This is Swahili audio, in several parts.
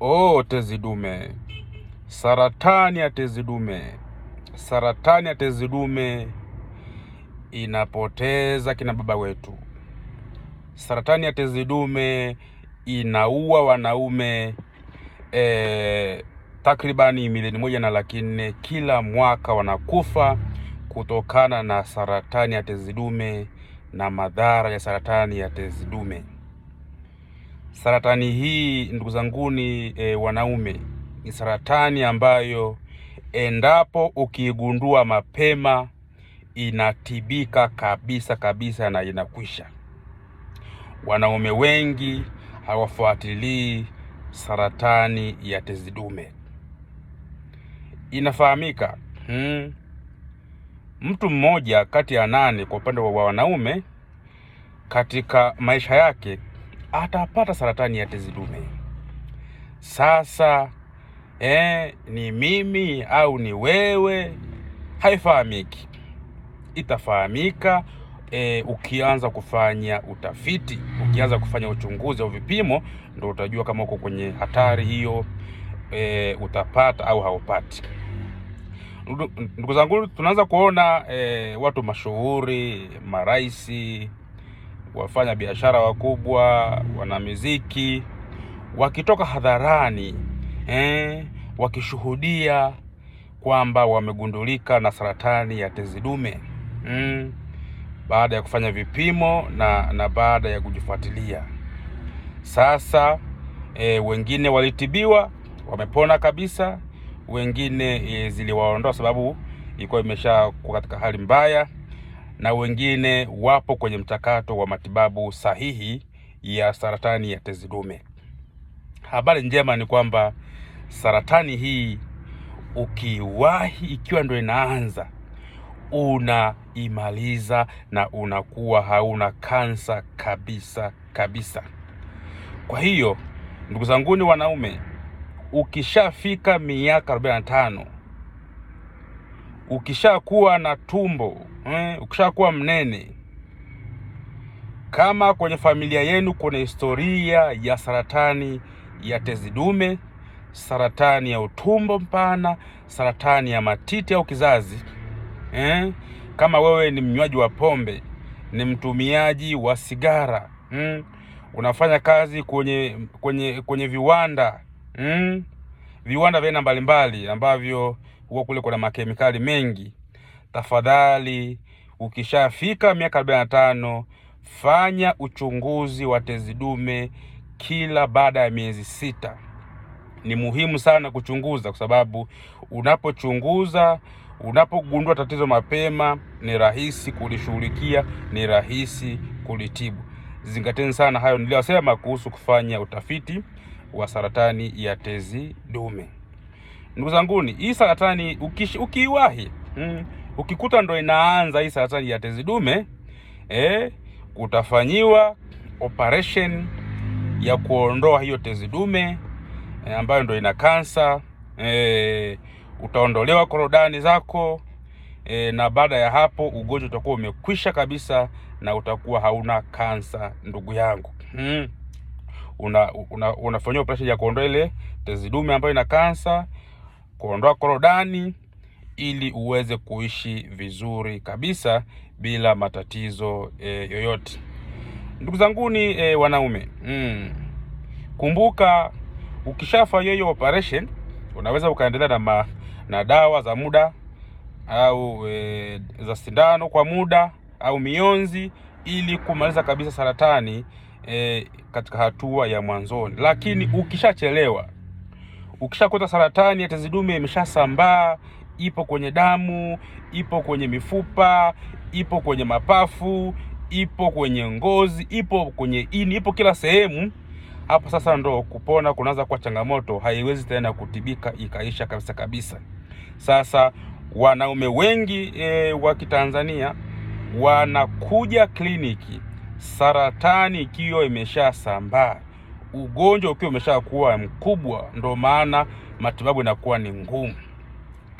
Oh, tezi dume, saratani ya tezi dume, saratani ya tezi dume inapoteza kina baba wetu. Saratani ya tezi dume inaua wanaume e, takribani milioni moja na laki nne kila mwaka wanakufa kutokana na saratani ya tezi dume na madhara ya saratani ya tezi dume. Saratani hii ndugu zanguni e, wanaume ni saratani ambayo endapo ukiigundua mapema inatibika kabisa kabisa na inakwisha. Wanaume wengi hawafuatilii saratani ya tezi dume. Inafahamika hmm, mtu mmoja kati ya nane kwa upande wa wanaume katika maisha yake atapata saratani ya tezi dume. Sasa eh, ni mimi au ni wewe, haifahamiki. Itafahamika E, ukianza kufanya utafiti, ukianza kufanya uchunguzi au vipimo, ndo utajua kama uko kwenye hatari hiyo e, utapata au haupati. Ndugu zangu, tunaanza kuona e, watu mashuhuri, maraisi wafanya biashara wakubwa, wanamuziki wakitoka hadharani eh, wakishuhudia kwamba wamegundulika na saratani ya tezi dume mm, baada ya kufanya vipimo na, na baada ya kujifuatilia sasa. E, wengine walitibiwa wamepona kabisa, wengine e, ziliwaondoa sababu ilikuwa imeshakuwa katika hali mbaya na wengine wapo kwenye mchakato wa matibabu sahihi ya saratani ya tezi dume. Habari njema ni kwamba saratani hii ukiwahi, ikiwa ndio inaanza, unaimaliza na unakuwa hauna kansa kabisa kabisa. Kwa hiyo ndugu zanguni wanaume, ukishafika miaka 45 ukishakuwa na tumbo eh, ukishakuwa mnene, kama kwenye familia yenu kuna historia ya saratani ya tezi dume, saratani ya utumbo mpana, saratani ya matiti au kizazi eh, kama wewe ni mnywaji wa pombe, ni mtumiaji wa sigara mm, unafanya kazi kwenye kwenye kwenye viwanda mm, viwanda vya aina mbalimbali ambavyo huko kule kuna makemikali mengi. Tafadhali, ukishafika miaka 45 tano fanya uchunguzi wa tezi dume kila baada ya miezi sita. Ni muhimu sana kuchunguza, kwa sababu unapochunguza, unapogundua tatizo mapema, ni rahisi kulishughulikia, ni rahisi kulitibu. Zingateni sana hayo niliyosema kuhusu kufanya utafiti wa saratani ya tezi dume. Ndugu zanguni, hii saratani ukiiwahi, mm, ukikuta ndo inaanza hii saratani ya tezi dume eh, utafanyiwa operation ya kuondoa hiyo tezi dume eh, ambayo ndo ina kansa eh, utaondolewa korodani zako eh, na baada ya hapo ugonjwa utakuwa umekwisha kabisa na utakuwa hauna kansa ndugu yangu mm. Una, una, unafanyia operation ya kuondoa ile tezi dume ambayo ina kansa kuondoa korodani ili uweze kuishi vizuri kabisa bila matatizo e, yoyote. Ndugu zanguni e, wanaume mm. Kumbuka ukishafanya hiyo operation unaweza ukaendelea na, ma, na dawa za muda au e, za sindano kwa muda au mionzi ili kumaliza kabisa saratani e, katika hatua ya mwanzoni, lakini ukishachelewa Ukishakuta saratani ya tezi dume imeshasambaa, ipo kwenye damu, ipo kwenye mifupa, ipo kwenye mapafu, ipo kwenye ngozi, ipo kwenye ini, ipo kila sehemu, hapo sasa ndo kupona kunaanza kuwa changamoto, haiwezi tena kutibika ikaisha kabisa kabisa. Sasa wanaume wengi e, wa Kitanzania wanakuja kliniki saratani ikiwa imeshasambaa ugonjwa ukiwa umeshakuwa mkubwa, ndo maana matibabu inakuwa ni ngumu.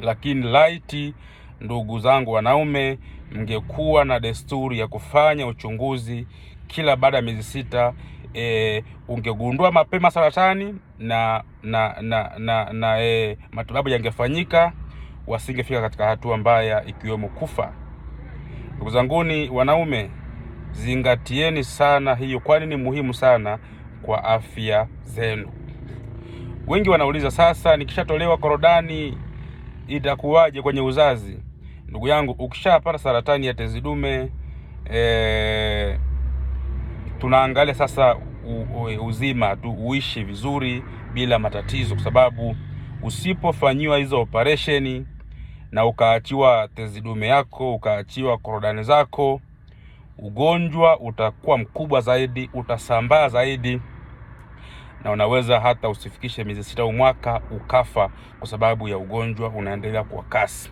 Lakini laiti ndugu zangu wanaume, mngekuwa na desturi ya kufanya uchunguzi kila baada ya miezi sita, e, ungegundua mapema saratani na na na, na, na e, matibabu yangefanyika, wasingefika katika hatua mbaya ikiwemo kufa. Ndugu zanguni wanaume, zingatieni sana hiyo, kwani ni muhimu sana kwa afya zenu. Wengi wanauliza sasa, nikishatolewa korodani itakuwaje kwenye uzazi? Ndugu yangu, ukishapata saratani ya tezi dume e, tunaangalia sasa uzima tu, uishi vizuri bila matatizo, kwa sababu usipofanyiwa hizo operesheni na ukaachiwa tezi dume yako ukaachiwa korodani zako, ugonjwa utakuwa mkubwa zaidi, utasambaa zaidi na unaweza hata usifikishe miezi sita au mwaka ukafa kwa sababu ya ugonjwa unaendelea kwa kasi.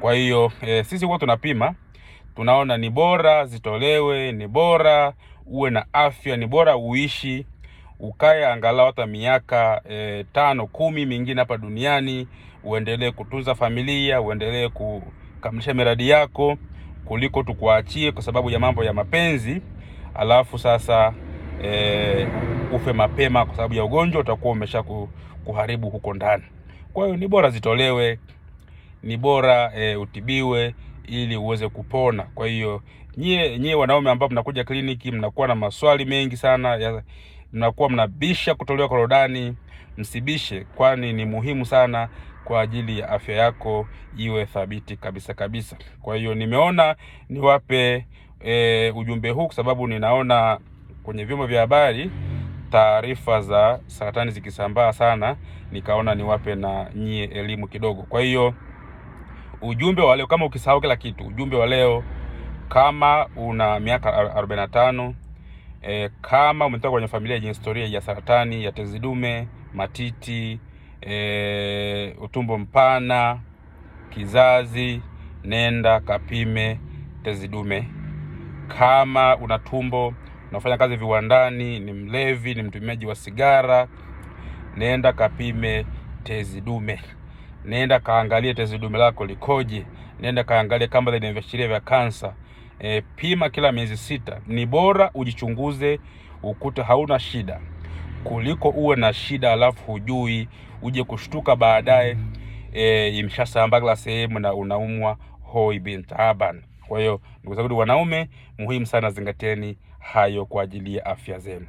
Kwa hiyo e, sisi huwa tunapima, tunaona ni bora zitolewe, ni bora uwe na afya, ni bora uishi ukae angalau hata miaka e, tano kumi mingine hapa duniani, uendelee kutunza familia, uendelee kukamilisha miradi yako kuliko tukuachie kwa sababu ya mambo ya mapenzi, alafu sasa e, ufe mapema kwa sababu ya ugonjwa utakuwa umesha kuharibu huko ndani. Kwa hiyo ni bora zitolewe, ni bora e, utibiwe ili uweze kupona. Kwa hiyo nyie nyie wanaume ambao mnakuja kliniki mnakuwa na maswali mengi sana ya, mnakuwa mnabisha kutolewa korodani, msibishe, kwani ni muhimu sana kwa ajili ya afya yako iwe thabiti kabisa kabisa. Kwa hiyo nimeona niwape e, ujumbe huu kwa sababu ninaona kwenye vyombo vya habari taarifa za saratani zikisambaa sana, nikaona niwape na nyie elimu kidogo. Kwa hiyo ujumbe wa leo, kama ukisahau kila kitu, ujumbe wa leo, kama una miaka 45 e, eh, kama umetoka kwenye familia yenye historia ya saratani ya tezi dume, matiti, e, utumbo mpana, kizazi, nenda kapime tezi dume. Kama una tumbo nafanya kazi viwandani, ni mlevi, ni mtumiaji wa sigara, nenda kapime tezi dume, nenda kaangalie tezi dume lako likoje, nenda kaangalie kama lina viashiria vya kansa. E, pima kila miezi sita. Ni bora ujichunguze ukute hauna shida kuliko uwe na shida alafu hujui uje kushtuka baadaye e, imshasamba kila sehemu na unaumwa hoi bin taaban. Kwa hiyo ndugu zangu wanaume, muhimu sana zingatieni hayo kwa ajili ya afya zenu.